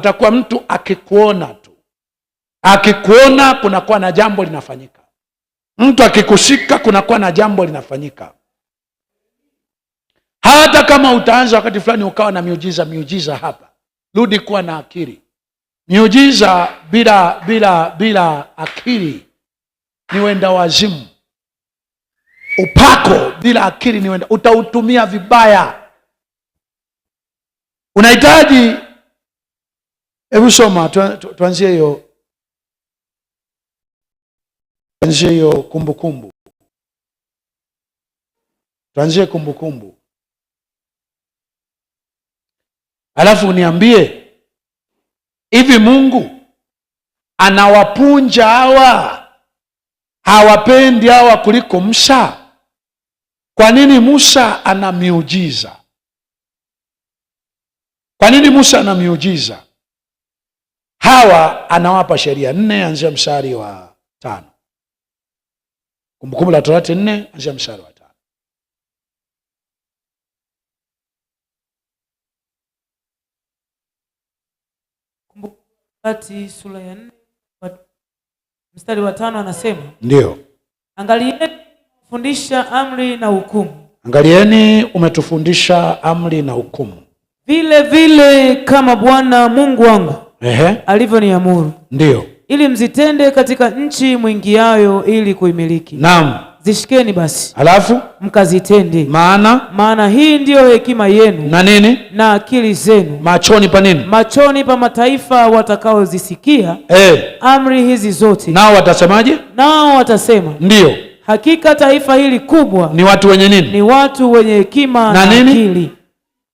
Utakuwa mtu akikuona tu, akikuona kunakuwa na jambo linafanyika. Mtu akikushika kunakuwa na jambo linafanyika, hata kama utaanza wakati fulani ukawa na miujiza miujiza hapa. Rudi kuwa na akili. Miujiza bila bila bila akili ni wenda wazimu. Upako bila akili ni wenda, utautumia vibaya. Unahitaji Hebu soma tuanzie hiyo tuanzie hiyo kumbukumbu, tuanzie kumbukumbu, alafu niambie hivi, Mungu anawapunja hawa hawapendi hawa kuliko Musa? Kwa nini Musa anamiujiza kwanini Kwa nini Musa anamiujiza hawa anawapa sheria nne anzia mstari wa tano Kumbukumbu la Torati nne anzia mstari wa tano sura ya nne mstari wa tano anasema ndio, angalieni fundisha amri na hukumu. Angalieni umetufundisha amri na hukumu vile vile, kama Bwana Mungu wangu ehe, alivyoniamuru, ndiyo, ili mzitende katika nchi mwingiayo ili kuimiliki. Naam, zishikeni basi, alafu mkazitende. Maana maana hii ndiyo hekima yenu na nini na akili zenu machoni pa nini, machoni pa mataifa watakaozisikia eh, amri hizi zote. Nao watasemaje? Nao watasema ndiyo, hakika taifa hili kubwa ni watu wenye nini, ni watu wenye hekima na, na nini, akili.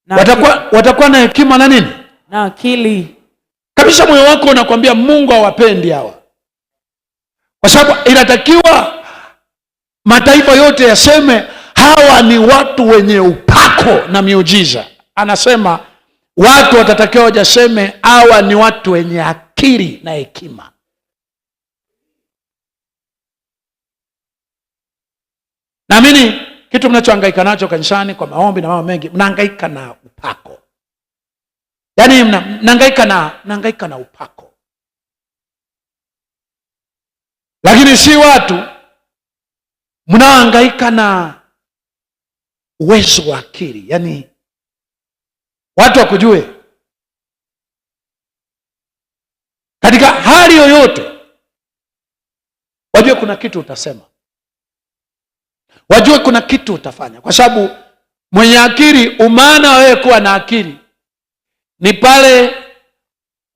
Na watakuwa, watakuwa na hekima na nini na akili kabisa moyo wako unakwambia Mungu awapendi hawa, kwa sababu inatakiwa mataifa yote yaseme hawa ni watu wenye upako na miujiza. Anasema watu watatakiwa wajaseme hawa ni watu wenye akili na hekima. Naamini kitu mnachohangaika nacho kanisani kwa maombi na mambo mengi, mnahangaika na upako yaani mnahangaika na nangaika na upako, lakini si watu mnahangaika na uwezo wa akili, yaani watu wakujue katika hali yoyote, wajue kuna kitu utasema, wajue kuna kitu utafanya, kwa sababu mwenye akili, umaana wewe kuwa na akili ni pale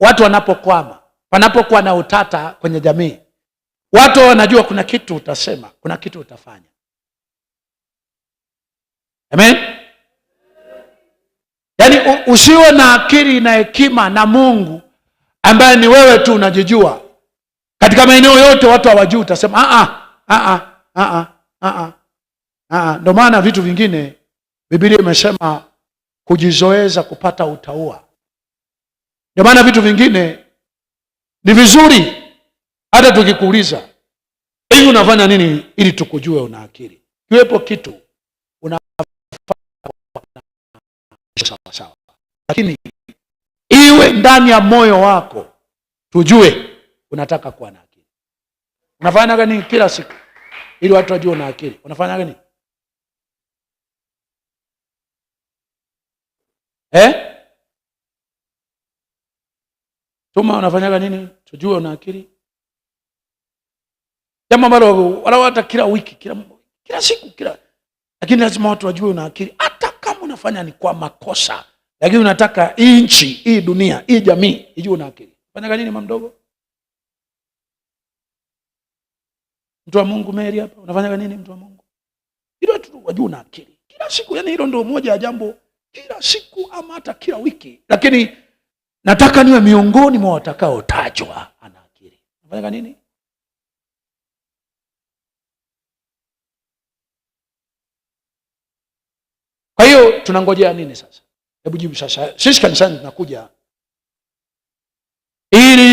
watu wanapokwama, panapokuwa na utata kwenye jamii. Watu wanajua kuna kitu utasema, kuna kitu utafanya. Amen. Yaani usiwe na akili na hekima na Mungu ambaye ni wewe tu unajijua katika maeneo yote, watu hawajui, utasema a a a a a. Ndio maana vitu vingine Biblia imesema kujizoeza kupata utaua ndio maana vitu vingine ni vizuri hata tukikuuliza hivi unafanya nini ili tukujue una akili, kiwepo kitu sawasawa, lakini iwe ndani ya moyo wako, tujue unataka kuwa na akili. Unafanya nini kila siku ili watu wajue una akili? Unafanya gani eh? Tuma unafanyaga nini? Tujue una akili. Jambo ambalo wala hata kila wiki, kila kila siku, kila lakini lazima watu wajue una akili. Hata kama unafanya ni kwa makosa, lakini unataka hii nchi, hii dunia, hii jamii ijue una akili. Fanyaga nini mama mdogo? Mtu wa Mungu Mary hapa, unafanyaga nini mtu wa Mungu? Ili watu wajue una akili. Kila siku, yani hilo ndio moja ya jambo kila siku ama hata kila wiki. Lakini nataka niwe miongoni mwa watakaotajwa. Anaakiri nafanya nini? Kwa hiyo tunangojea nini sasa? Hebu jibu sasa. Sisi kanisani tunakuja ili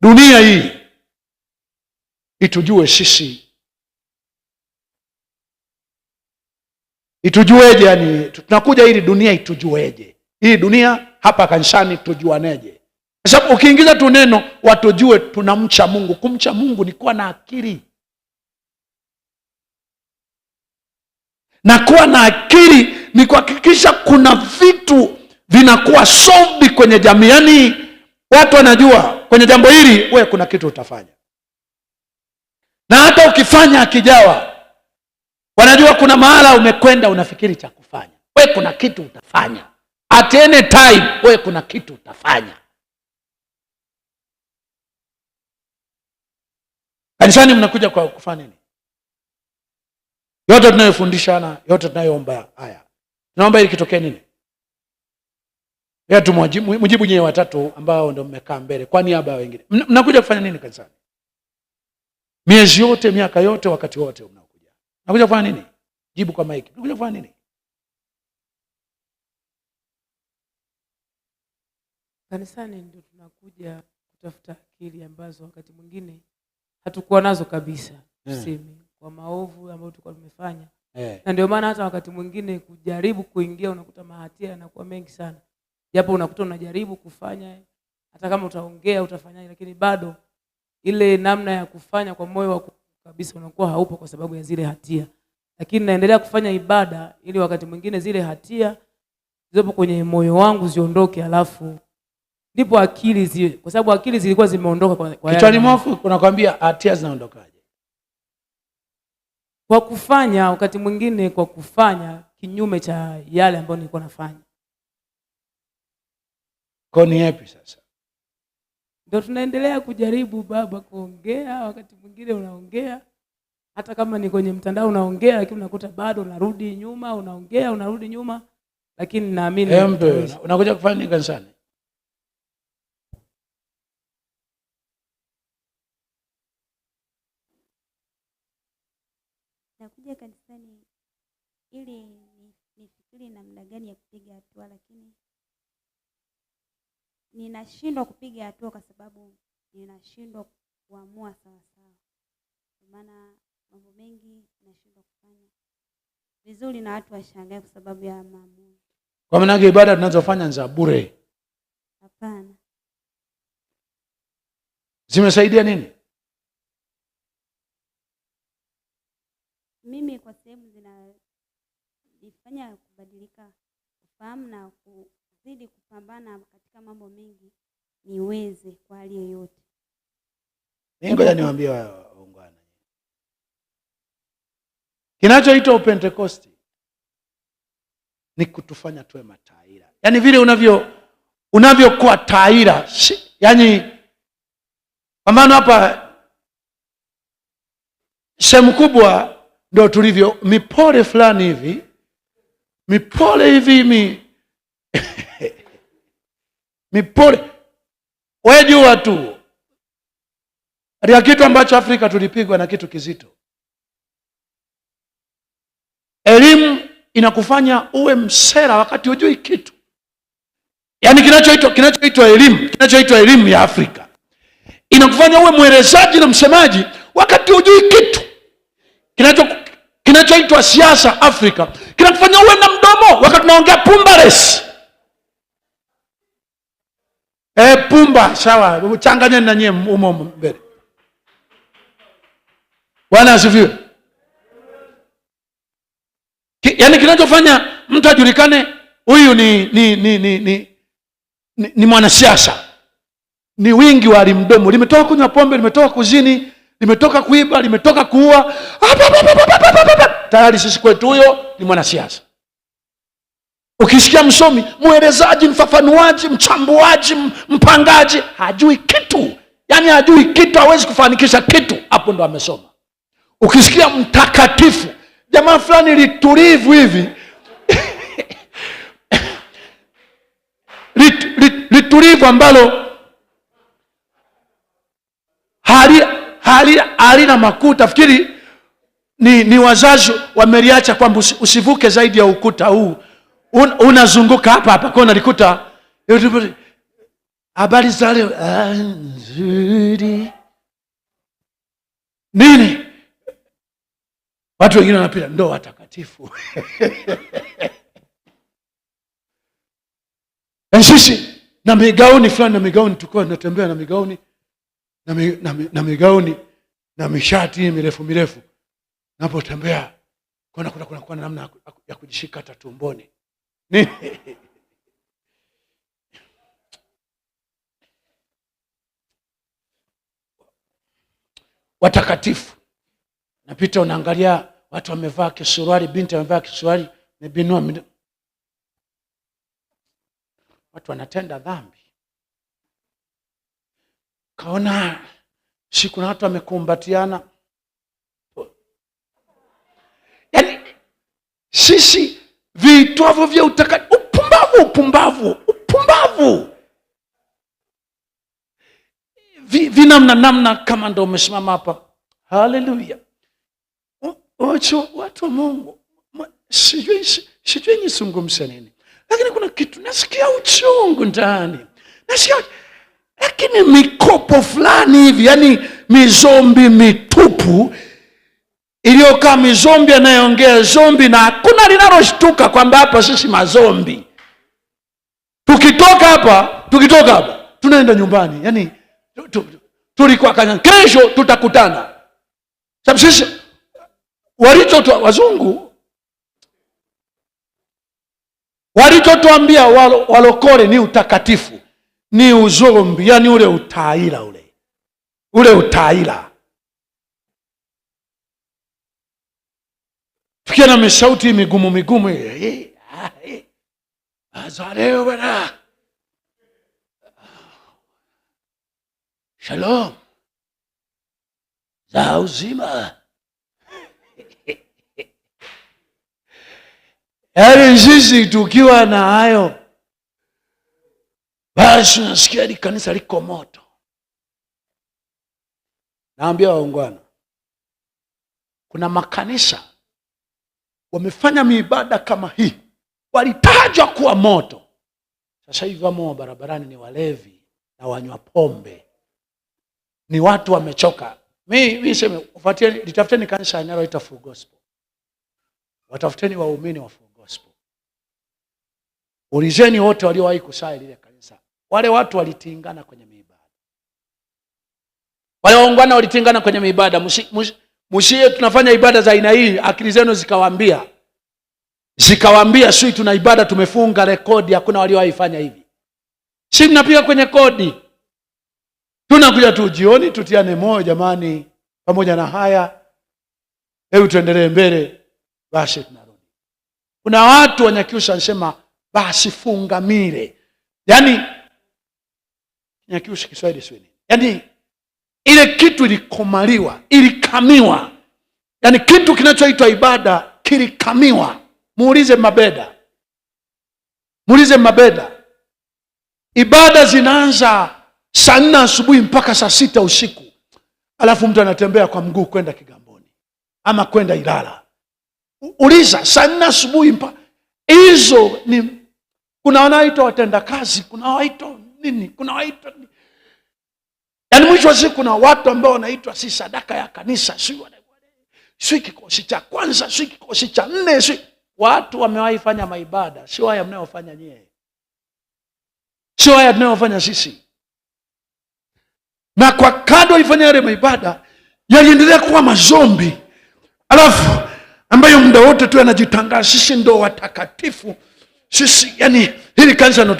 dunia hii itujue sisi, itujueje? Yani tunakuja ili dunia itujueje? hii dunia hapa kanisani tujuaneje? Kwa sababu ukiingiza tu neno watujue tunamcha Mungu. Kumcha Mungu ni kuwa na akili na kuwa na akili ni kuhakikisha kuna vitu vinakuwa solved kwenye jamii, yaani watu wanajua kwenye jambo hili we kuna kitu utafanya, na hata ukifanya akijawa, wanajua kuna mahala umekwenda, unafikiri cha kufanya, we kuna kitu utafanya at any time wewe kuna kitu utafanya. Kanisani mnakuja kwa kufanya nini? Yote tunayofundishana, yote tunayoomba haya, tunaomba ili kitokee nini? Yetu mjibu nyewe watatu ambao ndio mmekaa mbele kwa niaba ya wengine. Mnakuja kufanya nini kanisani? Miezi yote, miaka yote, wakati wote mnakuja. Mnakuja kufanya nini? Jibu kwa mike Mnakuja kufanya nini? Kanisani ndio tunakuja kutafuta akili ambazo wakati mwingine hatukuwa nazo kabisa, eh. tuseme yeah. kwa maovu ambayo tulikuwa tumefanya yeah. na ndio maana hata wakati mwingine kujaribu kuingia unakuta mahatia yanakuwa mengi sana, japo unakuta unajaribu kufanya, hata kama utaongea utafanya, lakini bado ile namna ya kufanya kwa moyo wako kabisa unakuwa haupo kwa sababu ya zile hatia, lakini naendelea kufanya ibada ili wakati mwingine zile hatia zilizopo kwenye moyo wangu ziondoke, alafu ndipo akili zi, kwa sababu akili zilikuwa zimeondoka kwa, kwa kichwani mwafu kunakwambia hatia ah, zinaondokaje? Kwa kufanya, wakati mwingine kwa kufanya kinyume cha yale ambayo nilikuwa nafanya. Kwa ni yapi sasa? Ndio tunaendelea kujaribu baba, kuongea wakati mwingine unaongea hata kama ni kwenye mtandao unaongea, lakini unakuta bado unarudi nyuma, unaongea unarudi nyuma, lakini naamini unakuja kufanya kanisani ili nifikiri namna gani ya kupiga hatua, lakini ninashindwa kupiga hatua kwa sababu ninashindwa kuamua sawasawa. Kwa maana mambo mengi nashindwa kufanya vizuri na watu washangae kwa sababu ya maamuzi. Kwa maana ibada tunazofanya ni za bure? Hapana. Zimesaidia nini? kufanya kubadilika kufahamu na kuzidi kupambana katika mambo mengi niweze kwa hali yoyote. Mimi ngoja niwaambie waungwana, kinachoitwa Upentekosti ni kutufanya tuwe mataira, yaani vile unavyo unavyokuwa taira, yaani kwa mfano hapa sehemu kubwa ndio tulivyo mipole fulani hivi mipole hivi mi mipole we tu katika kitu ambacho Afrika tulipigwa na kitu kizito. Elimu inakufanya uwe msera wakati hujui kitu, yaani kinachoitwa kinachoitwa elimu kinachoitwa elimu ya Afrika inakufanya uwe mwelezaji na msemaji wakati hujui kitu kinacho kinachoitwa siasa Afrika kinatufanya uwe na mdomo wakati tunaongea pumba resi. E, pumba sawa, uchanganyeni nanyie umo mbele. Bwana asifiwe. yaani kinachofanya mtu ajulikane huyu ni ni ni ni, ni, ni, ni mwanasiasa ni wingi wa limdomo limetoka kunywa pombe, limetoka kuzini, limetoka kuiba, limetoka kuua, tayari sisi kwetu huyo ni mwanasiasa. Ukisikia msomi, mwelezaji, mfafanuaji, mchambuaji, mpangaji, hajui kitu, yaani hajui kitu, hawezi kufanikisha kitu, hapo ndo amesoma. Ukisikia mtakatifu, jamaa fulani litulivu hivi lit, lit, litulivu ambalo halina makuu. Tafikiri ni, ni wazazi wameliacha kwamba usivuke zaidi ya ukuta huu, unazunguka hapa hapa kwa unalikuta habari za leo ah, nzuri nini. Watu wengine wanapita ndo watakatifu sisi na migauni fulani na migauni, tukiwa natembea na migauni na migauni na mishati mirefu mirefu, napotembea kuna, kuna, kuna, kuna namna ya kujishika hata tumboni watakatifu napita, unaangalia watu wamevaa kisuruali, binti amevaa kisuruali, mebinua watu wanatenda dhambi, kaona si kuna watu wamekumbatiana. Yani sisi viitwavyo vya utakatifu, upumbavu, upumbavu, upumbavu vinamna namna, kama ndo umesimama hapa. Haleluya, wacho watu wa Mungu, sijui sijui nisungumse nini, lakini kuna kitu nasikia uchungu ndani, nasikia lakini mikopo fulani hivi, yani mizombi mitupu iliyokaa mizombi anayeongea zombi na hakuna linaloshtuka kwamba hapa sisi mazombi. Tukitoka hapa tukitoka hapa tunaenda nyumbani, yani tulikuwa kanya, kesho tutakutana. Sababu sisi walichotwa wazungu walichotuambia walokole ni utakatifu ni uzombi, yani ule utaila ule ule utaila. Tukiwa na mishauti migumu migumu ile azaleo bana shalom za uzima yani sisi tukiwa na hayo basi nasikia hili kanisa liko moto. Naambia waungwana, kuna makanisa wamefanya miibada kama hii, walitajwa kuwa moto. Sasa hivi wamo barabarani ni walevi na wanywa pombe, ni watu wamechoka. Mi mi seme litafuteni kanisa linaloita Full Gospel, watafuteni waumini wa Full Gospel, ulizeni wote waliowahi kusaa lile kanisa wale watu walitingana kwenye miibada, wale waungwana walitingana kwenye miibada. Mshie tunafanya ibada za aina hii, akili zenu zikawaambia zikawaambia sui, tuna ibada tumefunga rekodi, hakuna waliowaifanya hivi. Si tunapiga kwenye kodi, tunakuja tu jioni tutiane moyo jamani, pamoja na haya, hebu tuendelee mbele. Basi tunarudi kuna watu wanyakiusha, nsema basi funga mile, yaani Kinyakyusi Kiswahili swini Yaani ile kitu ilikomaliwa, ilikamiwa. Yaani kitu kinachoitwa ibada kilikamiwa. Muulize Mabeda, muulize Mabeda. Ibada zinaanza saa nne asubuhi mpaka saa sita usiku, alafu mtu anatembea kwa mguu kwenda Kigamboni ama kwenda Ilala. Uliza saa nne asubuhi mpaka hizo ni kuna wanaoitwa watendakazi, kuna waitwa dini, kuna waitwa yaani, mwisho wa siku kuna watu ambao wanaitwa si sadaka ya kanisa, si si kikosi cha kwanza, si kikosi cha nne, si watu wamewahi fanya maibada. Sio haya mnayofanya nyie, sio haya tunayofanya sisi. Na kwa kado alifanya yale maibada, yaliendelea kuwa mazombi, alafu ambayo muda wote tu anajitangaza sisi ndo watakatifu sisi, yani hili kanisa ndio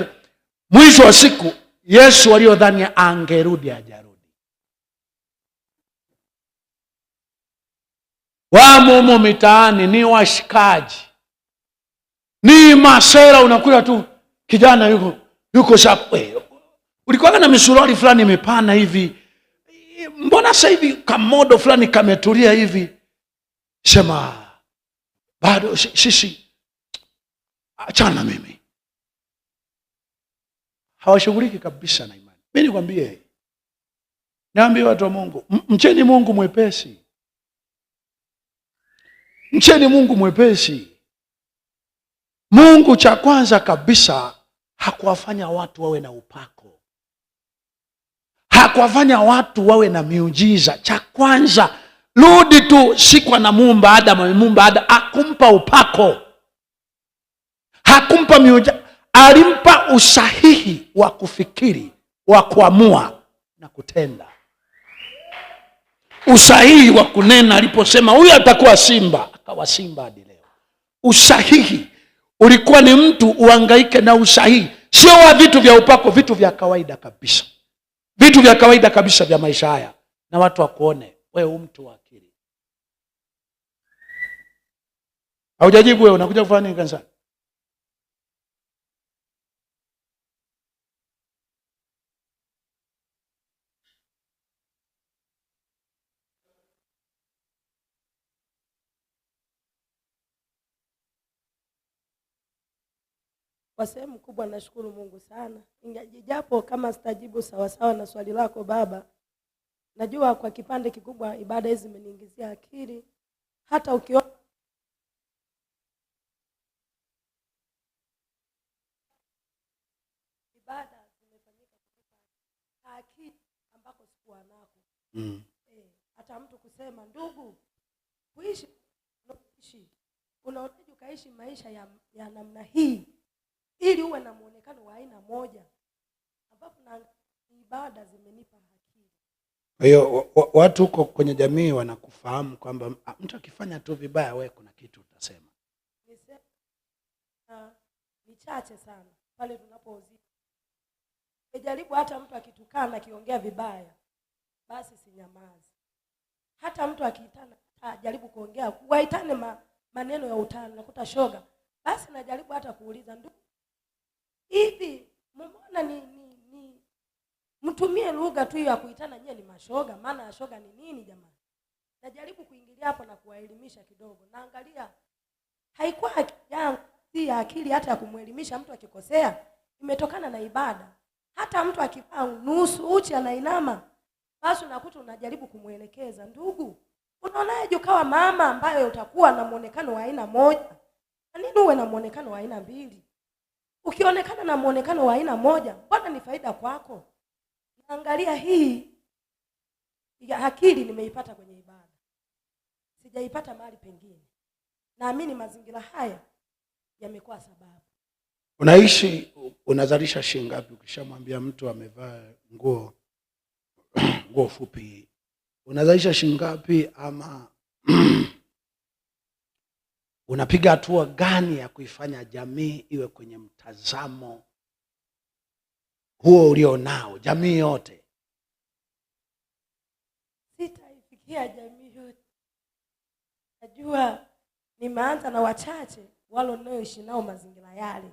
Mwisho wa siku Yesu aliyodhani angerudi ajarudi wamumu mitaani ni washikaji, ni masera. Unakuta tu kijana yuko yuko sapwe, ulikuwa na misuruali fulani imepana hivi, mbona sasa hivi kamodo fulani kametulia hivi, sema bado sisi, achana mimi hawashughuliki kabisa na imani. Mimi nikwambie, niambie watu wa Mungu, mcheni Mungu mwepesi, mcheni Mungu mwepesi. Mungu cha kwanza kabisa hakuwafanya watu wawe na upako, hakuwafanya watu wawe na miujiza. Cha kwanza rudi tu, sikwa na mumba Adamu, muumba Adamu akumpa upako, hakumpa miujiza alimpa usahihi wa kufikiri, wa kuamua na kutenda, usahihi wa kunena aliposema huyu atakuwa simba, akawa simba hadi leo. Usahihi ulikuwa ni mtu uhangaike na usahihi, sio wa vitu vya upako, vitu vya kawaida kabisa, vitu vya kawaida kabisa vya maisha haya, na watu wakuone u mtu wa akili. Haujajibu wewe, unakuja kufanya nini kanisani? Kwa sehemu kubwa nashukuru Mungu sana, ingajijapo kama sitajibu sawasawa na swali lako baba, najua kwa kipande kikubwa ibada hizi zimeniingizia akili, hata ukiona ibada zimefanyika akili ambako sikuwa nako mm. E, hata mtu kusema ndugu, kuishi unaonaje ukaishi maisha ya, ya namna hii ili uwe na mwonekano wa aina moja, ambapo na ibada zimenipa akili. Kwa hiyo watu huko kwenye jamii wanakufahamu kwamba ah, mtu akifanya tu vibaya, wewe kuna kitu utasema. Ni chache sana pale tunapozika, nimejaribu hata mtu akitukana akiongea vibaya basi sinyamazi. Hata mtu akiitana ajaribu kuongea waitane ma, maneno ya utani, nakuta shoga, basi najaribu hata kuuliza ndugu hivi mumona ni, ni, ni mtumie lugha tu hiyo ya kuitana nyie ni mashoga. Maana ya shoga ni nini jamani? Najaribu kuingilia hapo na kuwaelimisha kidogo. Naangalia haikuwa si ya akili hata ya kumwelimisha mtu akikosea, imetokana na ibada. Hata mtu akivaa nusu uchi anainama, basi unakuta unajaribu kumwelekeza, ndugu, unaonaje ukawa mama ambayo utakuwa na muonekano wa aina moja? Kwa nini uwe na muonekano wa aina mbili? Ukionekana na mwonekano wa aina moja, mbona ni faida kwako? Naangalia hii ya akili nimeipata kwenye ibada, sijaipata mahali pengine. Naamini mazingira haya yamekuwa sababu. Unaishi unazalisha shilingi ngapi? Ukishamwambia mtu amevaa nguo nguo fupi, unazalisha shilingi ngapi ama Unapiga hatua gani ya kuifanya jamii iwe kwenye mtazamo huo ulionao? Jamii yote sitaifikia jamii yote, najua nimeanza na wachache wale unaoishi nao mazingira yale.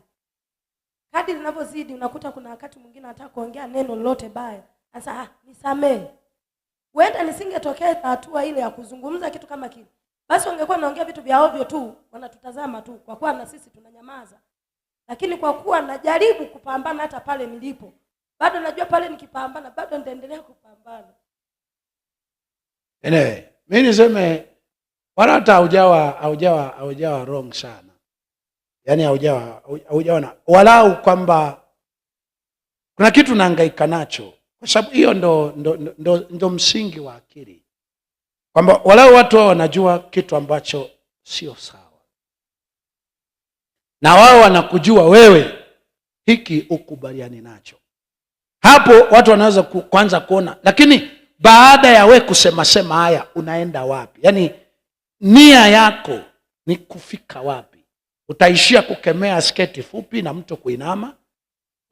kadi linavyozidi unakuta kuna wakati mwingine anataka kuongea neno lolote baya, sasa ah, nisamee. Huenda nisingetokea hatua ile ya kuzungumza kitu kama kile basi wangekuwa naongea vitu vya ovyo tu, wanatutazama tu, kwa kuwa na sisi tunanyamaza. Lakini kwa kuwa najaribu kupambana, hata pale nilipo bado najua pale nikipambana, bado nitaendelea kupambana. Anyway, mi niseme wala hata haujawa haujawa haujawa wrong sana, yaani haujawa haujawa na walau kwamba kuna kitu nahangaika nacho, kwa sababu hiyo ndo, ndo, ndo, ndo, ndo msingi wa akili kwamba walau watu hao wanajua kitu ambacho sio sawa, na wao wanakujua wewe, hiki ukubaliani nacho. Hapo watu wanaweza kuanza kuona, lakini baada ya we kusema sema haya, unaenda wapi? Yaani nia yako ni kufika wapi? Utaishia kukemea sketi fupi na mtu kuinama,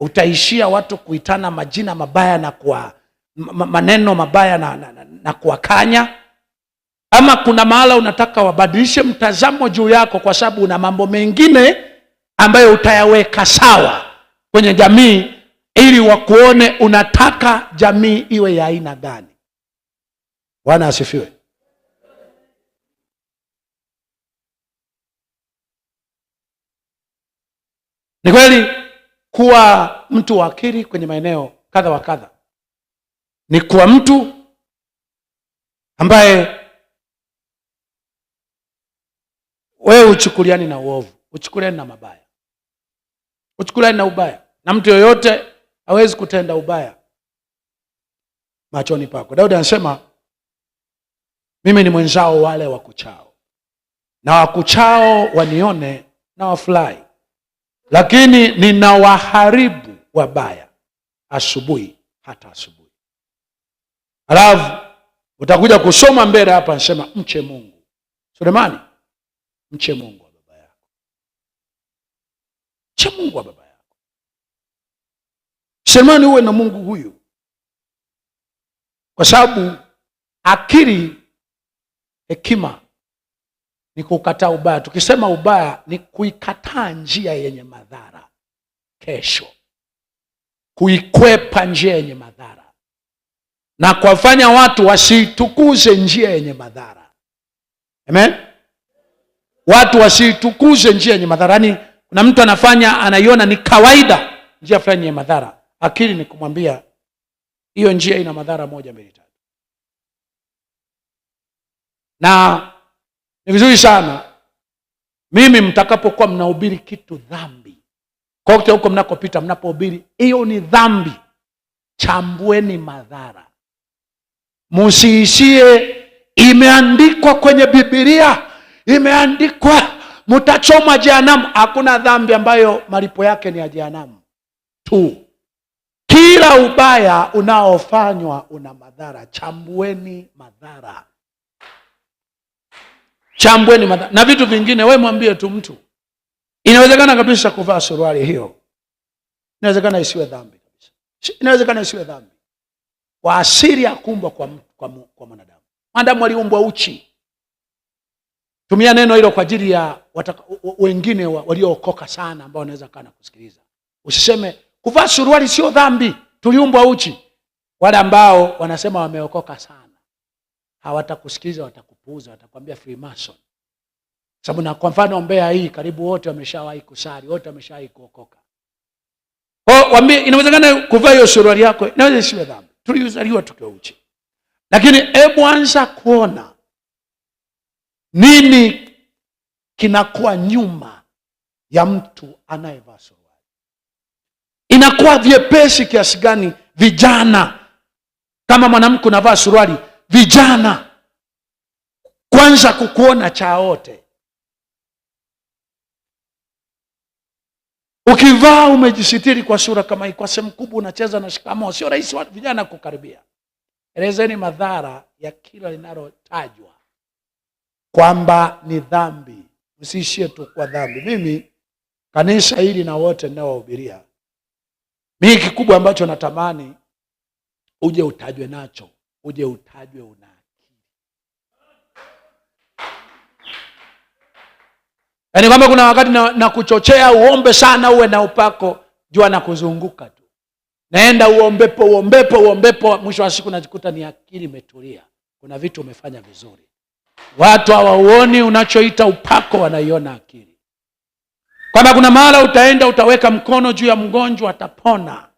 utaishia watu kuitana majina mabaya na kwa maneno mabaya na, na, na, na kuwakanya ama kuna mahala unataka wabadilishe mtazamo juu yako, kwa sababu una mambo mengine ambayo utayaweka sawa kwenye jamii, ili wakuone unataka jamii iwe ya aina gani. Bwana asifiwe. Ni kweli kuwa mtu wa akili kwenye maeneo kadha wa kadha ni kuwa mtu ambaye wewe uchukuliani na uovu, uchukuliani na mabaya, uchukuliani na ubaya, na mtu yoyote hawezi kutenda ubaya machoni pako. Daudi anasema mimi ni mwenzao wale wakuchao, na wakuchao wanione na wafurahi, lakini ninawaharibu wabaya asubuhi hata asubuhi. alafu utakuja kusoma mbele hapa, anasema mche Mungu. Sulemani Mche Mungu wa baba yako, mche Mungu wa baba yako. Semani uwe na Mungu huyu, kwa sababu akili, hekima ni kukataa ubaya. Tukisema ubaya ni kuikataa njia yenye madhara kesho, kuikwepa njia yenye madhara na kuwafanya watu wasitukuze njia yenye madhara. Amen. Watu wasitukuze njia yenye madhara. yani kuna mtu anafanya anaiona ni kawaida njia fulani yenye madhara, akili ni kumwambia hiyo njia ina madhara moja, mbili, tatu. Na ni vizuri sana mimi, mtakapokuwa mnahubiri kitu dhambi, kote huko mnakopita, mnapohubiri hiyo ni dhambi, chambueni madhara, musiishie imeandikwa kwenye bibilia imeandikwa mtachomwa jehanamu. Hakuna dhambi ambayo malipo yake ni ya jehanamu tu. Kila ubaya unaofanywa una madhara. Chambueni madhara, chambueni madhara na vitu vingine. We mwambie tu mtu, inawezekana kabisa kuvaa suruali hiyo, inawezekana isiwe dhambi kabisa, inawezekana isiwe dhambi. Waasiri ya kumbwa kwa, kwa, kwa mwanadamu. Mwanadamu aliumbwa uchi Tumia neno hilo kwa ajili ya wataka, wengine waliookoka sana ambao wanaweza kaa na kusikiliza. Usiseme kuvaa suruali sio dhambi, tuliumbwa uchi. Wale ambao wanasema wameokoka sana hawatakusikiliza, watakupuuza, watakwambia Freemason. Sababu na kwa mfano Mbeya hii karibu wote wameshawahi kusali, wote wameshawahi kuokoka. Kwa waambie inawezekana kuvaa hiyo suruali yako inaweza isiwe dhambi. Tuliuzaliwa tukiwa uchi. Lakini hebu anza kuona nini kinakuwa nyuma ya mtu anayevaa suruali? Inakuwa vyepesi kiasi gani vijana, kama mwanamke unavaa suruali, vijana kwanza kukuona chaote. Ukivaa umejisitiri kwa sura kama hii, kwa sehemu kubwa unacheza na shikamoo. Sio rahisi vijana kukaribia. Elezeni madhara ya kila linalotajwa kwamba ni dhambi. Msiishie tu kwa dhambi. Mimi kanisa hili na wote ninaowahubiria, mimi kikubwa ambacho natamani uje utajwe nacho, uje utajwe una akili, yaani kwamba kuna wakati na, na kuchochea uombe sana, uwe na upako jua na kuzunguka tu, naenda uombepo uombepo uombepo, mwisho wa siku najikuta ni akili imetulia, kuna vitu umefanya vizuri Watu hawauoni unachoita upako, wanaiona akili, kwamba kuna mahala utaenda utaweka mkono juu ya mgonjwa atapona.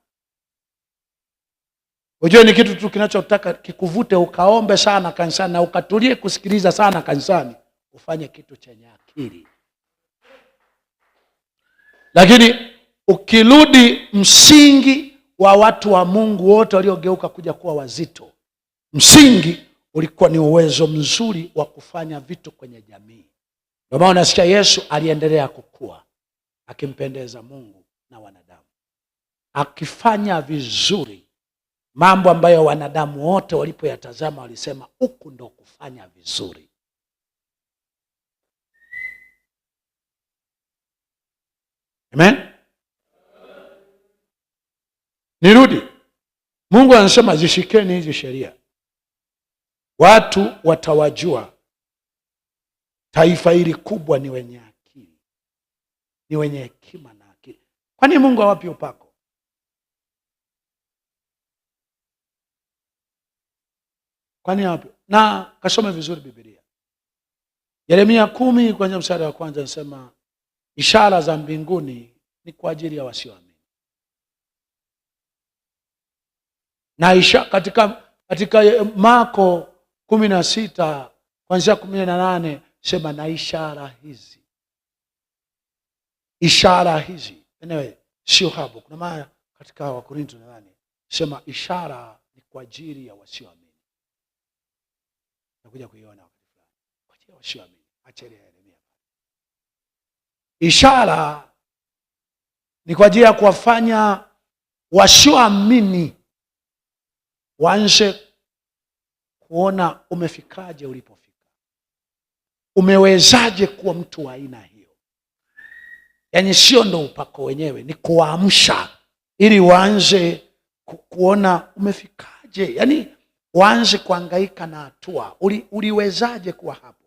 Ujue ni kitu tu kinachotaka kikuvute ukaombe sana kanisani na ukatulie kusikiliza sana kanisani, ufanye kitu chenye akili. Lakini ukirudi msingi wa watu wa Mungu wote waliogeuka kuja kuwa wazito, msingi ulikuwa ni uwezo mzuri wa kufanya vitu kwenye jamii. Ndio maana unasikia Yesu aliendelea kukua akimpendeza Mungu na wanadamu, akifanya vizuri mambo ambayo wanadamu wote walipoyatazama walisema huku ndo kufanya vizuri. Amen. Nirudi, Mungu anasema zishikeni hizi sheria Watu watawajua taifa hili kubwa ni wenye akili, ni wenye hekima na akili. Kwani Mungu awapi upako? Kwani awapi Na kasome vizuri Biblia. Yeremia kumi kwenye mstari wa kwanza anasema ishara za mbinguni ni kwa ajili ya wasioamini na isha, katika, katika Marko kumi na sita kuanzia kumi na nane sema na ishara hizi. Ishara hizi enyewe sio hapo, kuna maana katika Wakorinto nadhani sema ishara ni kwa ajili ya wasioamini. Nakuja kuiona wakati fulani kwa ajili ya wasioamini, achilia Yeremia. Ishara ni kwa ajili ya kuwafanya wasioamini waanze kuona umefikaje ulipofika, umewezaje kuwa mtu wa aina hiyo. Yaani sio ndo upako wenyewe, ni kuamsha ili waanze kuona umefikaje, yaani waanze kuangaika na hatua, uliwezaje kuwa hapo